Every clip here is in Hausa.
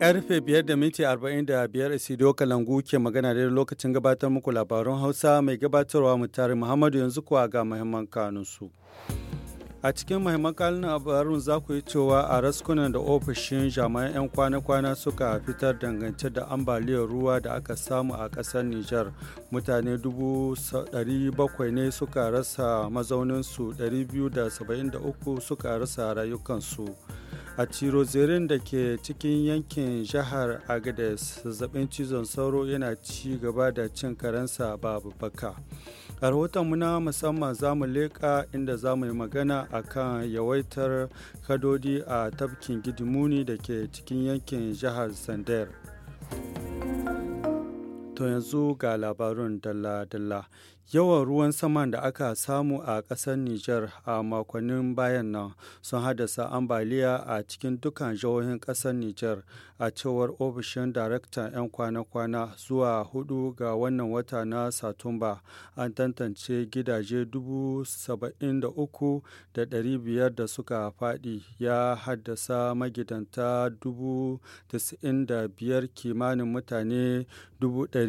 Karfe 5 da minti 45 Kalangu ke magana da lokacin gabatar muku labarun Hausa mai gabatarwa mutare Muhammadu yanzu kuwa ga muhimman kanunsu. A cikin muhimman kanun labarun za ku yi cewa a raskunan da ofishin jami'an 'yan kwana-kwana suka fitar dangance da ambaliyar ruwa da aka samu a ƙasar Nijar. Mutane 700 ne suka rasa mazauninsu 273 suka rasa rayukansu. a tirozerin da ke cikin yankin jihar agades zazzabin cizon sauro yana ci gaba da cin karansa babu baka a rahoton muna musamman za mu leƙa inda za mu yi magana a kan yawaitar kadodi a tafkin gidimuni da ke cikin yankin jihar sandar To yanzu ga labarun dalla-dalla. Yawan ruwan saman da aka samu a ƙasar Nijar a makonnin bayan nan sun haddasa ambaliya a cikin dukkan jihohin ƙasar Nijar a cewar ofishin darakta 'yan kwana-kwana zuwa hudu ga wannan wata na Satumba an tantance gidaje 73,500 da suka faɗi ya haddasa magidanta 95,000 kimanin mutane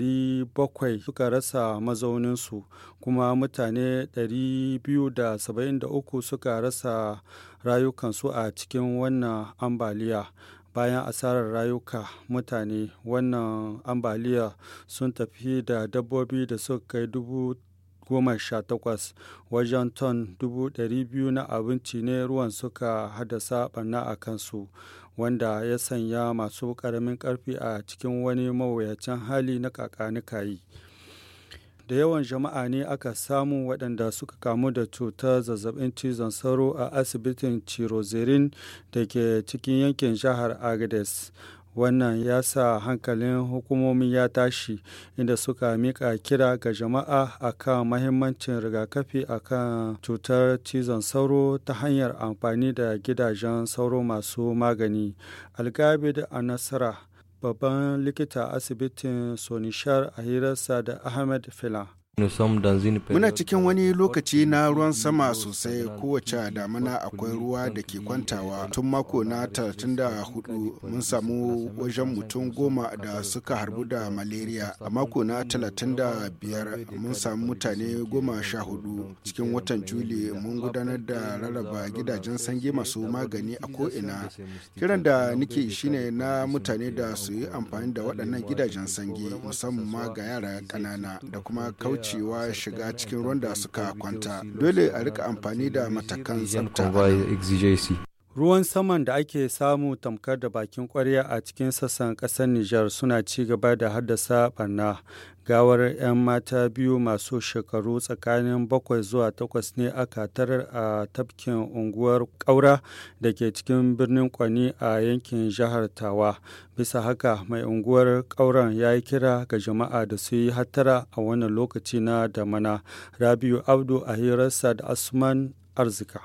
700 suka rasa mazauninsu kuma mutane 273 suka rasa rayukansu a cikin wannan ambaliya bayan asarar rayuka mutane wannan ambaliya sun tafi da dabbobi da suka kai dubu goma sha wajen ton dubu na abinci ne ruwan suka haddasa barna a kansu wanda ya sanya masu ƙaramin ƙarfi a cikin wani mawuyacin hali na kakanikayi da yawan jama'a ne aka samu waɗanda suka kamu da cutar zazzabin cizon sauro a asibitin cirozerin da ke cikin yankin jihar agades wannan ya sa hankalin hukumomi ya tashi inda suka mika kira ga jama'a akan mahimmancin rigakafi akan cutar cizon sauro ta hanyar amfani da gidajen sauro masu magani algabid a nasara babban likita asibitin sonishar a hirarsa da ahmed fila Muna cikin wani lokaci na ruwan sama sosai kowace damina akwai ruwa da ke kwantawa tun mako na 34 mun samu wajen mutum goma da suka harbu da malaria a mako na 35 mun samu mutane goma sha hudu cikin watan juli mun gudanar da rarraba gidajen sange masu magani a ko'ina kiran da nike shine na mutane da su yi amfani da waɗannan gidajen sange musamman ma ga yara ƙanana da kuma kauce ya shiga cikin ruwan da suka kwanta dole a rika amfani da matakan tsafta Ruwan saman da ake samu tamkar da bakin kwarya a cikin sassan ƙasar Nijar suna ci gaba da haddasa barna. Gawar 'yan mata biyu masu shekaru tsakanin bakwai zuwa takwas ne aka tarar a tafkin unguwar ƙaura da ke cikin birnin Kwani a yankin jihar Tawa. Bisa haka mai unguwar kauran ya yi kira ga jama'a da su yi hattara a wannan lokaci na damana. Rabiu Abdu a hirarsa da Asman Arzika.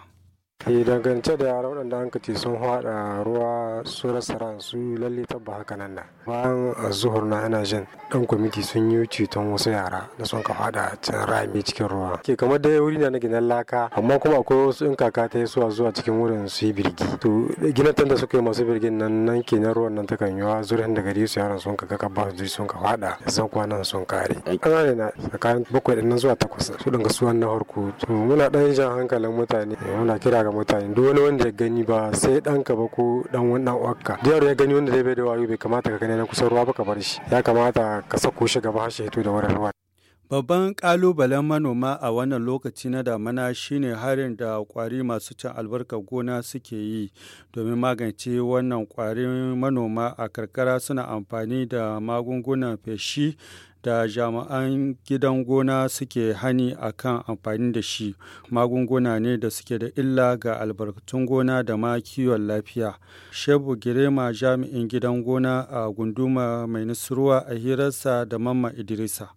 e dangance da yara waɗanda an kace sun haɗa ruwa su rasa ransu lalle tabba haka nan na bayan zuhur na ana jin dan kwamiti sun yi ceton wasu yara da sun ka haɗa can rami cikin ruwa ke kamar da wuri na ginan laka amma kuma akwai wasu in kaka ta yi suwa zuwa cikin wurin su yi birgi to ginatan da suka yi masu birgin nan nan ke na ruwan nan ta kan yiwa zurin da gari su yaran sun ka ga, ba su sun ka haɗa zan kwanan sun kare ana ne na tsakanin bakwai ɗin nan zuwa takwas su ɗanga suwan na harko to muna ɗan jan hankalin mutane muna kira ga mutane duk wani wanda ya gani ba sai ɗanka ba ko ɗan wani ɗan uwarka da ya gani wanda zai bai da wayo bai kamata ka gani na kusan ruwa ba ka bar shi ya kamata ka sako shi gaba har shi da wurin ruwa Babban kalubalen manoma a wannan lokaci na damana shine harin da kwari masu cin albarkar gona suke yi domin magance wannan kwarin manoma a karkara suna amfani da magungunan feshi da jami'an gidan gona suke hani a kan amfani da shi magunguna ne da suke da illa ga albarkatun gona da ma kiwon lafiya shebu girema jami'in gidan gona a gunduma mai nasruwa a hirarsa da mamma idrisa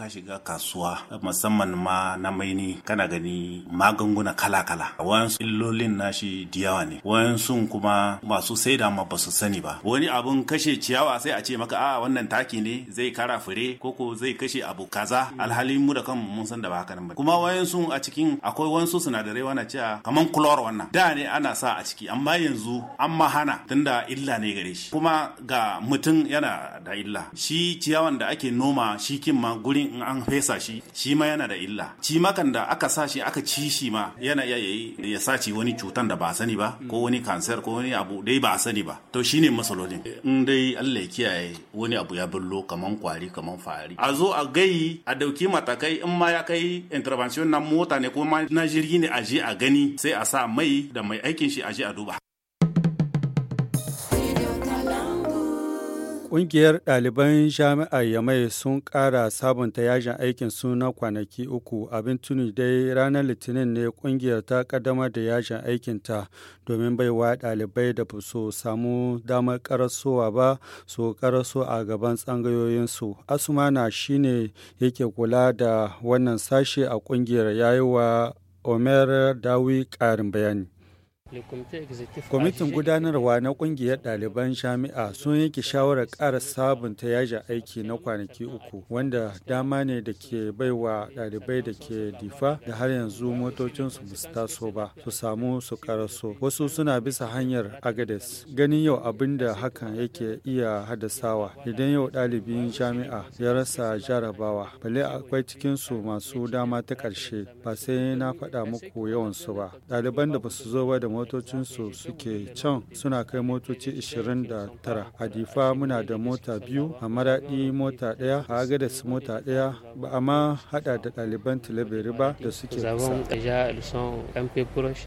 ka shiga kasuwa musamman ma na maini kana gani magunguna kala-kala wayansu illolin nashi diyawa ne wayansu kuma masu d'a ma ba su sani ba wani abun kashe ciyawa sai a ce maka a ah, wannan taki ne zai kara fure koko zai kashe abu kaza alhali mu da kanmu mun san da ba haka nan ba kuma wayansu a cikin akwai wayansu sinadarai wana cewa kaman kulor wannan da ne ana sa a ciki amma yanzu an ma hana tunda illa ne gare shi kuma ga mutum yana da illa shi ciyawan da ake noma shi kin ma gurin in an fesa shi shi ma yana da illa cimakan da aka sa shi aka ci shi ma yana iya yayi ya saci wani cutan da ba sani ba ko wani kansar ko wani abu dai ba sani ba to shine masalolin in dai Allah ya kiyaye wani abu ya bullo kaman kwari kaman fari a zo a gayi a dauki matakai in ma ya kai intervention na mota ne ko ma na jirgi ne a je a gani sai a sa mai da mai aikin shi a je a duba Ƙungiyar ɗaliban jami'ar Yamai sun ƙara sabunta yajin aikin su na kwanaki uku abin tuni dai ranar Litinin ne ƙungiyar ta ƙaddamar da yajin aikinta domin baiwa ɗalibai da ba su samu damar ƙarasowa ba su ƙaraso a gaban tsangayoyinsu. Asumana shine yake kula da wannan sashe a ƙungiyar yayi wa Omer Dawi ƙarin bayani. Kwamitin gudanarwa na kungiyar ɗaliban jami'a sun yanke shawarar ƙara sabunta yajin aiki na kwanaki uku wanda dama ne da ke baiwa ɗalibai da ke difa da har yanzu motocinsu ba su taso ba su samu su karaso. Wasu suna bisa hanyar Agades. Ganin yau abin da hakan yake iya haddasawa idan yau ɗalibin jami'a ya rasa jarabawa. Bale akwai cikinsu masu dama ta ƙarshe ba sai na faɗa muku yawansu ba. Ɗaliban da ba su zo ba da motocinsu suke can suna kai motoci 29 a difa muna da mota biyu a maraɗi mota ɗaya a agadas mota ɗaya ba a ma haɗa da ɗaliban tilabiri ba da suke kusa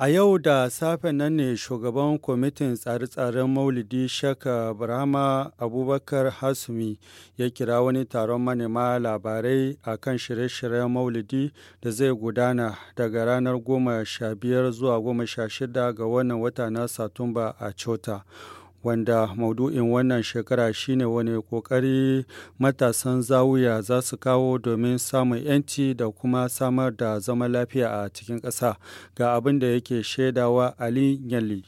A yau da safe nan ne shugaban kwamitin tsare-tsaren Maulidi Shaka Brahma Abubakar Hasumi ya kira wani taron manema labarai a kan shirye-shiryen Maulidi da zai gudana daga ranar goma zuwa goma ga wannan wata na Satumba a Chota. wanda maudu'in wannan shekara shine wani ƙoƙari matasan zawuya za su kawo domin samun 'yanci da kuma samar da zama lafiya a cikin ƙasa ga abin da yake shaidawa ali yalli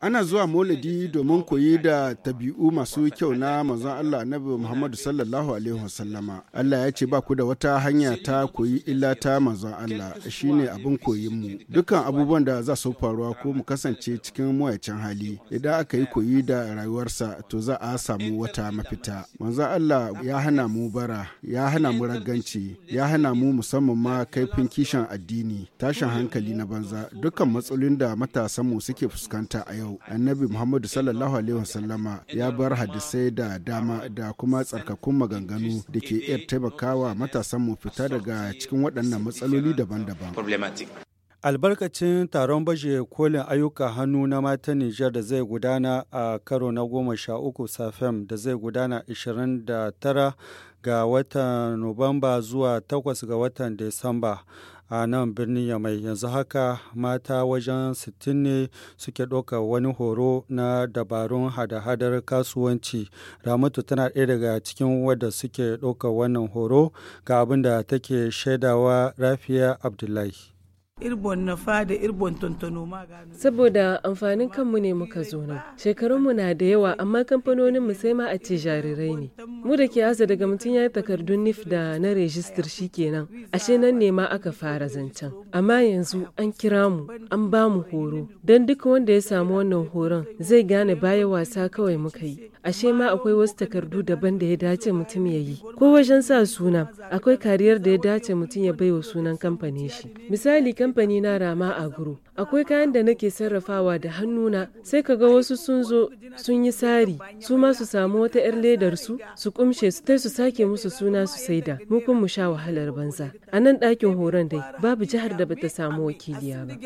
Ana zuwa moladi domin koyi da tabi'u masu kyau na manzon Allah Annabi Muhammadu sallallahu alaihi wasallama. Allah ya ce ba ku da wata hanya ta koyi illa ta manzon Allah shine abin koyin mu. Dukkan abubuwan da za su faruwa ko mu kasance cikin mawayacin hali idan aka yi koyi da rayuwarsa to za a samu wata mafita. Manzon Allah ya hana mu bara, ya hana mu ragganci, ya hana mu musamman ma kaifin kishin addini, tashin hankali na banza, dukkan matsalolin da matasan mu suke fuskanta a yau yau annabi muhammadu sallallahu alaihi wasallama ya bar hadisai da dama da kuma tsarkakun maganganu da ke iya taimakawa matasan mu fita daga cikin waɗannan matsaloli daban-daban albarkacin taron baje kolin ayyuka hannu na matan Nijar da zai gudana a karo na goma sha uku safem da zai gudana 29 ga watan Nuwamba zuwa 8 ga watan Disamba. a nan birnin yamai yanzu haka mata wajen 60 ne suke ɗaukar wani horo na dabarun hada-hadar kasuwanci ramatu tana ɗaya daga cikin wadda suke ɗaukar wannan horo ga abin da take shaidawa rafiya abdullahi irbon na fada irbon ma gano saboda amfanin kanmu ne muka zo nan shekarunmu na da yawa amma kamfanonin mu sai ma a ce jarirai ne mu da ke hasa daga mutum ya takardun nif da na rejistar kenan ashe nan ne ma aka fara zancen amma yanzu an kira mu an ba mu horo don duk wanda ya samu wannan horon zai gane baya wasa kawai muka yi ashe ma akwai wasu takardu daban da ya dace mutum ya yi ko wajen sa suna akwai kariyar da ya dace mutum ya baiwa sunan kamfanin shi misali kamfani na Rama Agro. Akwai kayan da nake sarrafawa da hannuna sai kaga wasu sun zo sun yi tsari su ma su samu wata 'yar ledar su su kumshe su tai su sake musu suna su saida mu kun mu sha wahalar banza. A nan ɗakin horon dai babu jihar da bata samu wakiliya ba.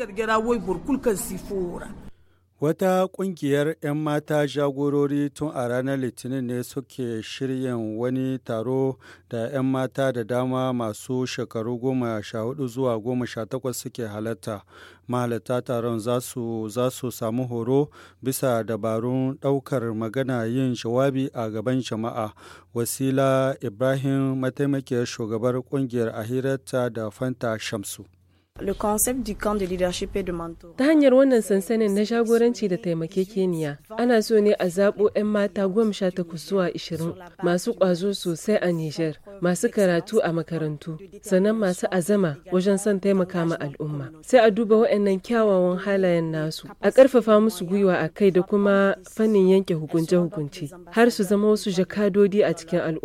Wata ƙungiyar 'yan mata jagorori tun a ranar Litinin ne suke shiryan wani taro da 'yan mata da dama masu shekaru goma sha hudu zuwa goma sha takwas suke halatta. Mahalarta taron za su samu horo bisa dabarun ɗaukar magana yin jawabi a gaban jama'a. Wasila Ibrahim mataimakiyar shugabar ƙungiyar a da Fanta Shamsu. Ta hanyar wannan sansanin na shagoranci da keniya ana so ne a zaɓo 'yan mata goma sha takwas zuwa ashirin masu ƙwazo sosai a Nijar, masu karatu a makarantu, sannan masu azama wajen son taimaka ma al'umma. Sai a duba waɗannan kyawawan halayen nasu, a ƙarfafa musu gwiwa a kai da kuma fannin yanke hukunce hukunci har su zama wasu jakadodi a cikin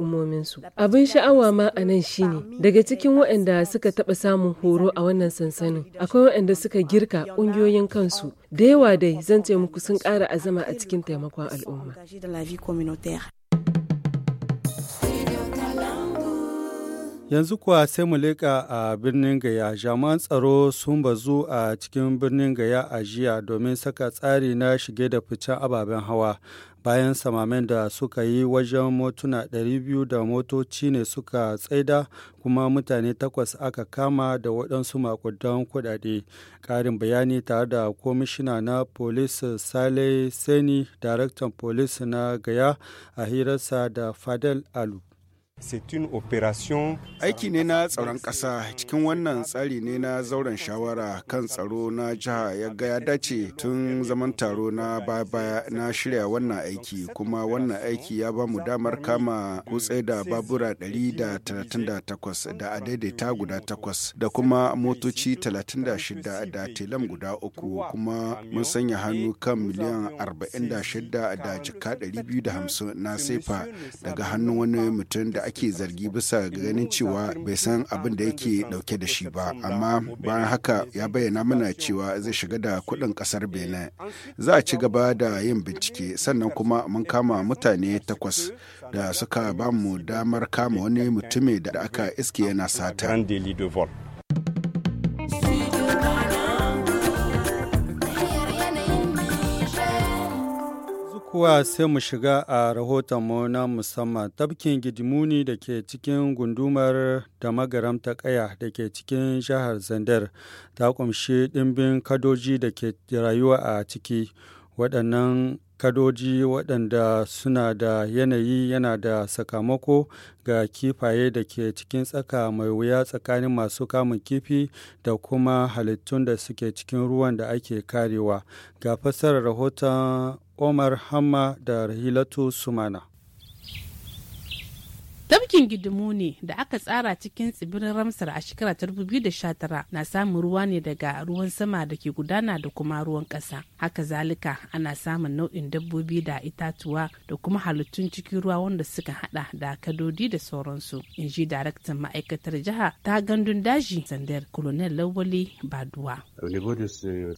su Abin sha'awa ma a nan shine, daga cikin waɗanda suka taɓa samun horo a wannan sansanin akwai waɗanda suka girka ƙungiyoyin kansu da yawa dai zan ce muku sun ƙara azama a cikin taimakon al'umma yanzu kuwa sai mu leƙa a birnin gaya jami'an tsaro sun bazu a cikin birnin gaya a jiya domin saka tsari na shige da ficen ababen hawa bayan samamen da suka yi wajen motuna 200 da motoci ne suka tsaida kuma mutane takwas aka kama da waɗansu makudan kuɗaɗe ƙarin bayani tare da komishina na polis sale seni daraktan polis na gaya a hirarsa da fadel alu Aiki ne na tsaron ƙasa cikin wannan tsari ne na zauren shawara kan tsaro na jiha ya ga ya dace tun zaman taro na baya na shirya wannan aiki kuma wannan aiki ya ba mu damar kama kutse da babura 138 da adaidaita guda takwas da kuma motoci 36 da telam guda uku kuma mun sanya hannu kan miliyan 46 da jika 250 na sefa daga hannun wani mutum da ake zargi bisa ganin cewa bai san abin da yake dauke da shi ba amma bayan haka ya bayyana mana cewa zai shiga da kudin kasar benin za a ci gaba da yin bincike sannan kuma mun kama mutane takwas da suka ba mu damar kama wani mutumin da aka iske yana sata kuwa sai mu shiga a rahotonmu na musamman tafkin gidimuni da ke cikin gundumar da magaramta kaya da ke cikin jihar Zandar ta kumshi ɗimbin kadoji da ke rayuwa a ciki waɗannan kadoji waɗanda suna da yanayi yana da sakamako ga kifaye da ke cikin tsaka mai wuya tsakanin masu kamun kifi da kuma halittun da suke cikin ruwan da ake karewa ga fassarar rahoton Omar Hamma da Rahilatu Sumana. Tafkin gidimu ne da aka tsara cikin tsibirin Ramsar a shekara ta 2019 na samun ruwa ne daga ruwan sama da ke gudana da kuma ruwan ƙasa. Haka zalika ana samun nau'in dabbobi da itatuwa da kuma halittun cikin ruwa wanda suka hada da kadodi da sauransu. In ji daraktan ma'aikatar jiha ta gandun daji sandar Colonel Lawali Baduwa.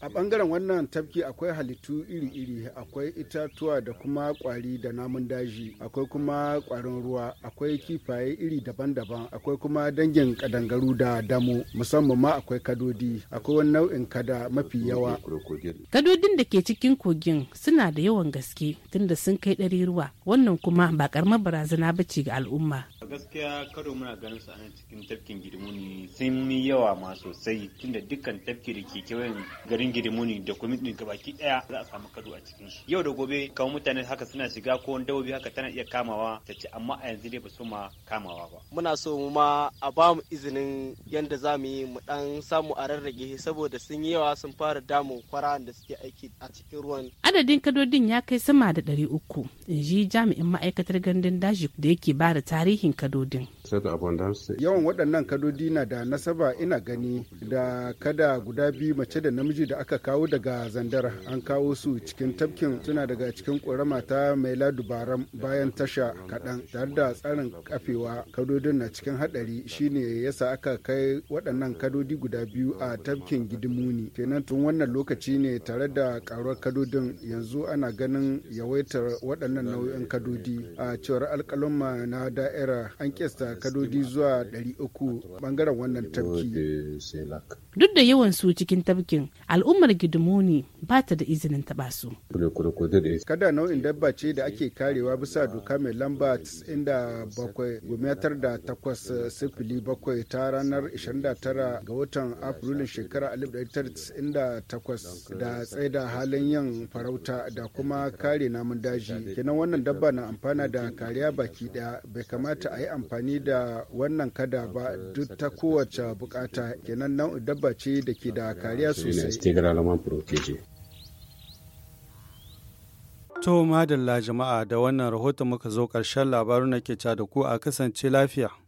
A bangaren wannan tafki akwai halittu iri-iri, akwai itatuwa da kuma kwari da namun daji, akwai kuma kwarin ruwa, akwai kifaye iri daban-daban, akwai kuma dangin kadangaru da damu, musamman ma akwai kadodi, akwai wani nau'in kada mafi yawa. Kadodin da ke cikin kogin suna da yawan gaske tunda sun kai ɗari ruwa, wannan kuma ba karmar barazana ba ce ga al'umma. gaskiya karo muna ganin su ana cikin tafkin girmuni sun yi yawa ma sosai tunda dukkan tafki da ke kewayen garin girmuni da kuma din gabaki daya za a samu karo a cikin shi yau da gobe kawo mutane haka suna shiga ko dabbobi haka tana iya kamawa ta ce amma a yanzu dai ba su ma kamawa ba muna so mu ma a ba mu izinin yanda za mu yi mu dan samu a rarrage saboda sun yi yawa sun fara damun kwara da suke aiki a cikin ruwan adadin kadodin ya kai sama da ɗari uku in ji jami'in ma'aikatar gandun daji da yake ba da tarihin kadodin Yawan waɗannan kadodi na da nasaba ina gani da kada guda biyu mace da namiji da aka kawo daga zandar an kawo su cikin tafkin suna daga cikin ƙorama ta mai ladubaran bayan tasha kaɗan tare da tsarin kafewa kadodin na cikin haɗari shine yasa aka kai waɗannan kadodi guda biyu a tafkin gidimuni kenan tun wannan lokaci ne tare da ƙaruwar kadodin yanzu ana ganin yawaitar waɗannan nau'in kadodi a cewar alƙalumma na da'ira an kesta kadodi zuwa 300 bangaren wannan tabki. Duk da yawan su cikin tafkin, al'ummar Gidimoni ba ta da izinin taɓa su. Kada nau'in dabba ce da ake karewa bisa doka mai lamba 97 da takwas sifili bakwai ta ranar 29 ga watan Afrilun shekara 1998 da tsaida halin yin farauta da kuma kare namun daji. Kenan wannan dabba na amfana da kariya baki daya bai kamata a yi amfani da da wannan kada ba duk ta kowace bukata kenan nan dabba ce da ke da kariya sosai To madalla jama'a da wannan rahoton muka zo ƙarshen labarun da ke da ku a kasance lafiya.